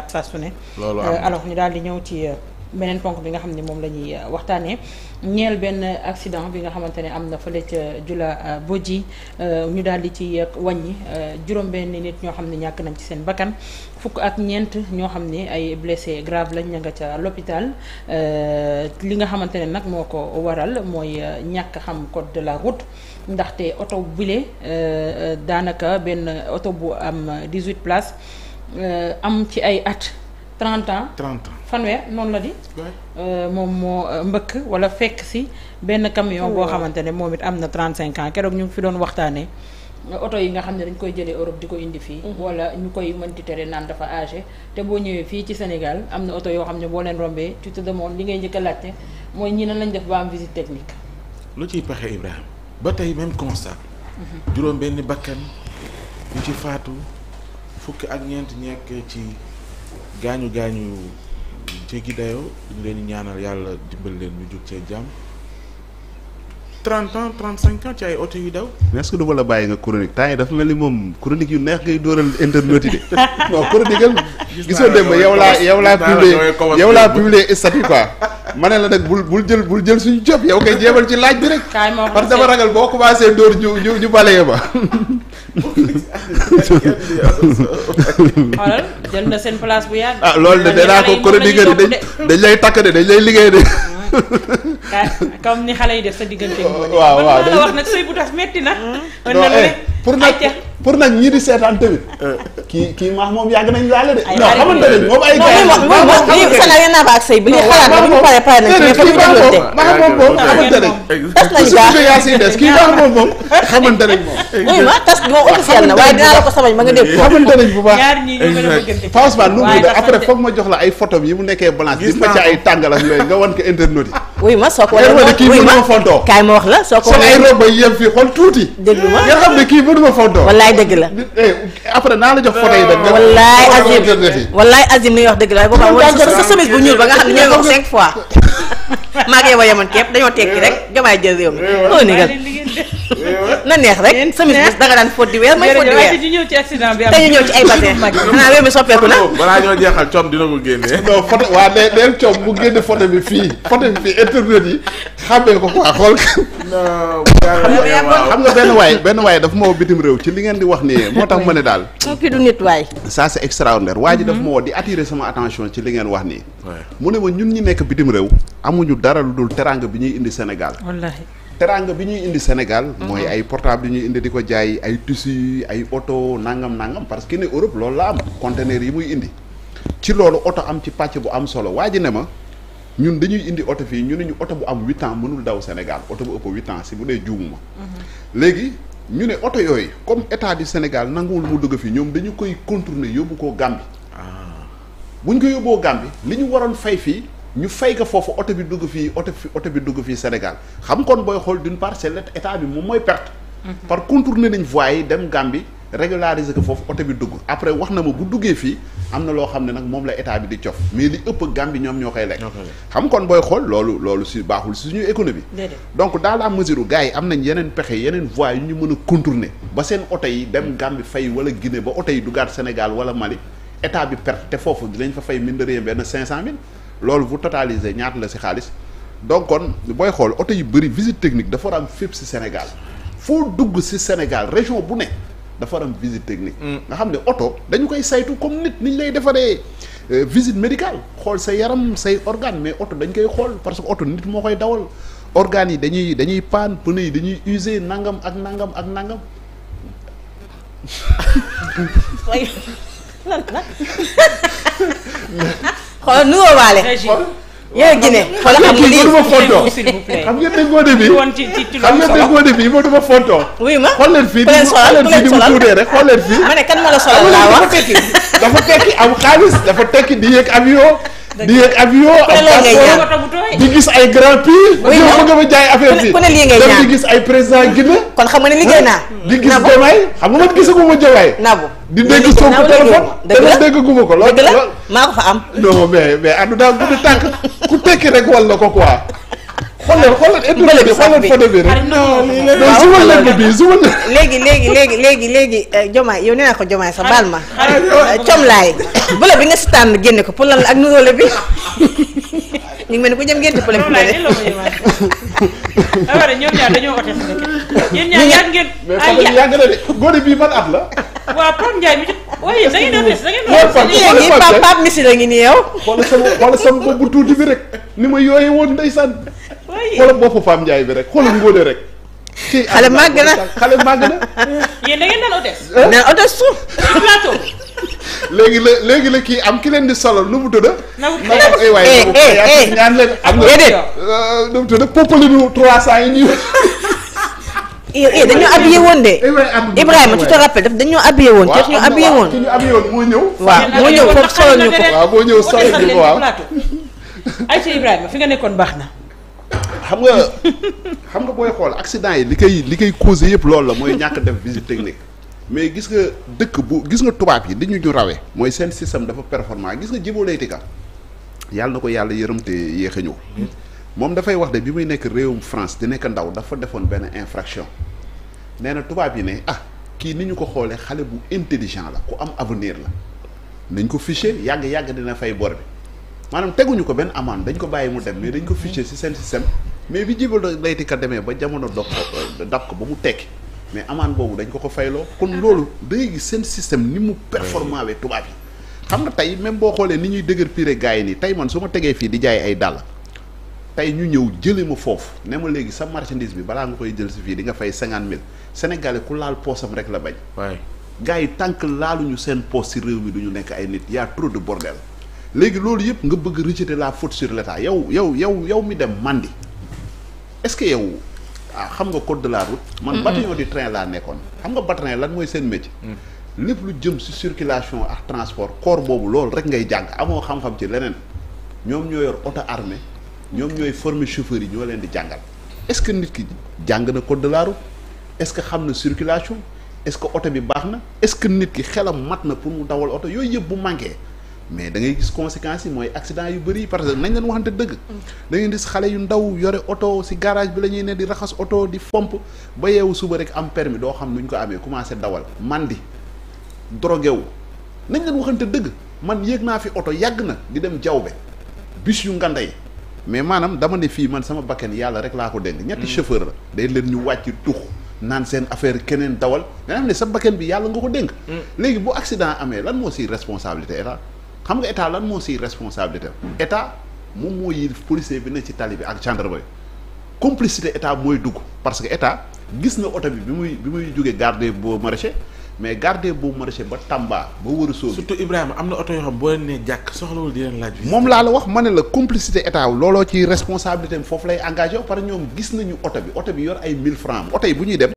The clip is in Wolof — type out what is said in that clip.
at saa su ne alors ñu daal di ñëw ci euh, beneen ponk bi nga xam ne moom la ñuy euh, waxtaanee ñeel benn euh, accident bi nga xamante ne am na fële ca Jula Boji ñu daal di ci wàññi juróom-benn nit ñoo xam ne ñàkk nañ ci seen bakkan fukk ak ñeent ñoo xam ne ay blessé grave lañ ña nga ca l'hôpital li nga xamante ne nag moo ko waral mooy ñàkk xam code de la route ndaxte oto bile daanaka benn oto bu am 18 places. Euh, am ci ay at. 30 ans 30 ans fanweer noonu la di. Euh, moom moo euh, mbëkk walla fekk si benn camion. boo xamante ne moom it am na 35 ans keroog ñu ngi fi doon waxtaanee. oto yi nga xam ne dañ koy jëlee Europe di ko indi fii. Mhm. wala ñu koy mënti tere naan dafa âgé. te boo ñëwee fii ci Sénégal am na oto yoo xam ne boo leen rombee tu te li ngay njëkk laajte mooy ñi nan lañu def ba am visite technique. lu ciy pexe Ibrahima ba tey même constat. Mhm. juróom benn bakkan fukki ak ñeenti ñekk ci gaañu gaañu jéggi dayoo ñu leen ñaanal yàlla dimbal leen ñu jóg cee jàmm. 30 ans 35 ans ci ay oto yu daw. mais est-ce la bàyyi nga chronique temps yi dafa mel ni moom chronique yu neex ngay dóoral internet yi de non chronique am. gisoo yow laa yow laa publier yow laa publier statut quoi. ma ne la nag bul bul jël bul jël suñu job yow koy jéebal ci laaj bi rek. parce que dama ragal boo commencé door ñu ñu ñu balayee ma. xoolal jël na seen place bu yàgg. ah loolu de danaa ko chroniqueur yi dañ dañ lay takk de dañ lay liggéey de. comme ni xale yi def sa diggante. waaw waaw wax nag sëy bu tas metti na. Mm. Eh, pour nag. pour nag ñi di seetaan tamit. kii kii maax moom yàgg nañ laale de. ay non xamante ne moom ay. gars yi moom moom moom sa ngeen naa ba ak maax moom moom xamante ne. moom moom xamante moom. muy ma tas moom waaye dinaa la ko samañ ma nga dégg ko. a ma jox la ay photo yi mu nekkee balance. gis naa ma ci ay tàngalam yooyu nga wan ko internet yi wuy ma soo ko wane ma kii mënuma kaay ma wax la soo ko wane ay roba yem fii xool tuuti. déglu ma nga xam ne kii mënuma fontoo. wallaay dëgg la. Eh, après naa la jox photo yi nag. wallaay bu ñuul ba nga xam ne ñooy wax cinq fois maa ngi yow a yemoon képp dañoo tekki rek jomaay jël réew mi. Eh, na neex rek semis bés danga daan fóot di weer may fóot di weer ñu ñëw ci accident bi am tey ñu ñëw ci ay bateer xanaa réew mi soppeeku na balaa ñoo jeexal coom dina ko génnee waa ne neen coom mu génne photo bi fii photo bi fii internet yi xàmmee ko quoi xool xam nga benn waay benn waay dafa ma woo bitim réew ci li ngeen di wax nii moo tax ma ne daal kii du nit waay ça c'est extraordinaire waa ji dafa mhm. ma woo di attirer sama attention ci li ngeen wax nii mu ne ma ñun ñi nekk bitim réew amuñu dara lu dul teranga bi ñuy indi Sénégal teraanga bi ñuy indi Sénégal. Mhm. mooy ay portable yu ñuy indi di ko jaay ay tissus ay oto nangam nangam parce que ne Europe loolu la am conteneur yi muy indi ci loolu oto am ci pàcc bu am solo waa ji ne ma ñun dañuy indi oto fii ñu ne ñu oto bu am huit ans mënul daw Sénégal oto bu ëpp huit ans si bu dee juumuma. Mhm. léegi ñu ne oto yooyu comme état du Sénégal nanguwul mu dugg fii ñoom dañu koy contourner yóbbu ko Gambie. Ah. buñ ko yóbboo Gambie li ñu waroon fay fii. ñu fay ko foofu oto bi dugg fii oto fi oto bi dugg fii Sénégal xam kon booy xool d'une part c'est l'état bi moom mooy perte. Mm-hmm. par contourner nañ voies yi dem Gambie régulariser ko foofu oto bi dugg après wax na ma bu duggee fii am na loo xam ne nag moom la état bi di cof mais li ëpp Gambie ñoom ñoo koy lekk. xam kon booy xool loolu loolu si baaxul si suñu économie. donc dans la mesure gars yi am nañ yeneen pexe yeneen voies yu ñu mën a contourner ba seen oto yi dem fay wala Guinée ba oto yi duggaat Sénégal wala Mali état bi perte te foofu dinañ fa fay mine de rien benn 500000. loolu bu totalisé ñaata la si xaalis donc kon booy xool oto yu bëri visite technique dafa war am fépp si Sénégal foo dugg si Sénégal région bu ne dafa war am technique. Mm. nga xam ne oto dañu koy saytu comme nit niñ lay defaree euh, visite médicale xool sa yaram say organe mais oto dañ koy xool parce que oto nit moo koy dawal organes yi dañuy dañuy paan pneu yi dañuy usé nangam ak nangam ak nangam. xoolal nuyoo waale. yéen Guinée xoolal xam nga lii mënuma fontoo xam nga déggoo bi xam nga déggoo bi mënuma fontoo. ma xool leen fii xool leen fii ni mu tuutee rek xool leen fii. ma ne kan ma la solal laa wax dafa tekki am xaalis dafa tekki di yéeg avion di yéeg avion ak di gis ay grand prix. yow bëgg nga ma jaay affaire bi ku di gis ay président Guinée. kon xam nga ne liggéey naa. di gis Diomaye xam nga man gisagu ma Diomaye. Nabou di dégg Sonko téléphone. dëgg la dégg gu ma ko loolu. dëgg la maa ko fa am. non mais mais àdduna gudd tànk ku tekki rek wal na ko quoi. xoolal xoolal étude bi bi rek. non lii bi léegi léegi léegi léegi léegi euh, Diomaye yow nee naa ko Diomaye sa baal ma. comlaay euh, bële bi nga si tànn génne ko pour ak nuróole bi ñu ngi mel ni ku jëm ngeen di. problème bi de ban at la. waaw Pape Ndiaye mi ci. ooyee da ngeen doon da ngeen ngi nii yow. xoolal sama xoolal bu tuuti bi rek ni ma yooyee woon ndeysaan xoolal boppu Fam Ndiaye bi rek xoolal ngóone rek. xale màgg na xale màgg na. yéen da ngeen daan hôtesse. Eh? naan hôtesse suuf. plateau. léegi la léegi la kii am ki leen di solal nu mu tudd. na mu ay waay ñaan leen am nga. déedéet euh, nu mu tudd popalinu 300 yi ñuy. eh dañoo habillé woon de. Eh, Ibrahima tu te rappelles daf dañoo habillé woon. waaw am na waaw ki ñu habillé woon moo ñëw. waaw moo ñëw foofu solal ñu ko. waaw moo ñëw solal ñu ko waaw. Aïcha Ibrahima fi nga nekkoon baax na. xam nga xam nga booy xool accident yi li koy li koy causé yëpp loolu la mooy ñàkk def visite technique mais gis nga dëkk bu gis nga tubaab yi li ñu ñu rawee mooy seen système dafa performant gis nga Djibo Leyti Ka yàlla na ko yàlla yërëmte te yéex a ñëw moom dafay wax de bi muy nekk réewum France di nekk ndaw dafa defoon benn infraction nee na tubaab yi ne ah kii ni ñu ko xoolee xale bu intelligent la ku am avenir la nañ ko fiché yàgg-yàgg dina fay bor bi maanaam teguñu ko benn amende dañ ko bàyyi mu dem mais dañ ko fiché ci seen système mais bi jibal da ka demee ba jamono dox euh, dab ko ba mu tekki mais amaan boobu dañ ko ko fayloo kon ah. loolu léegi seen système ni mu performant we tubaab yi xam nga tey même boo xoolee ni ñuy dëgër pire gars yi nii tey man su ma tegee fii di jaay ay dàll tey ñu ñëw jëlee ma foofu ne ma léegi sa marchandise bi balaa nga koy jël si fii di nga fay cinquante mille sénégalais ku laal poosam rek la bañ waay gars yi tànk laaluñu seen poos si réew mi du ñu nekk ay nit y a trop de bordel léegi loolu yëpp nga bëgg rejeter la faute sur yow yow yow yow mi dem mandi est-ce que yow ah xam nga code de la route. man bataillon du train laa nekkoon. xam nga bataillon lan mooy seen métier. Mm. lép lu jëm ci circulation ak transport corps boobu loolu rek ngay jàng amoo xam-xam ci leneen ñoom ñoo yor oto armée ñoom ñooy former chauffeurs yi ñoo leen di jàngal est que nit ki jàng na code de la route est-ce que xam na circulation est-ce que oto bi baax na est-ce que nit ki xelam mat na pour mu dawal oto yooyu yëpp bu manqué. mais da ngay gis conséquences yi mooy accident yu bëri parce que nañ leen waxante dëgg. da ngay gis xale yu ndaw yore oto si garage bi la ñuy ne di raxas oto di fomp ba yeewu suba rek am permis doo xam nu ñu ko amee commencé dawal. mandi drogué wu nañ leen waxante dëgg man yéeg naa fi oto yàgg na di dem jawbe bis yu nganda mais maanaam dama ne fii man sama bakken yàlla rek laa ko dénk. ñetti mm. chauffeur la. day leen ñu wàcc tux naan seen affaire keneen dawal nga xam ne sa bakken bi yàlla nga ko dénk. Mm. léegi bu accident amee lan moo si responsabilité état. xam nga état lan moo si responsabilité hmm. état moom moo yilif policier bi ne ci tali bi ak gendarme bi complicité état mooy dugg parce que état gis na oto bi bi muy bi muy jógee garde boo maraîcher mais garde boo maraîcher ba Tamba ba wëru soo surtout Ibrahima am na oto yoo xam boo leen nee jàkk soxlawul di leen laaj moom laa la wax ma ne la complicité état looloo ci responsabilité foofu lay engagé par ñoom gis nañu oto bi oto bi yor ay mille francs oto bu ñuy dem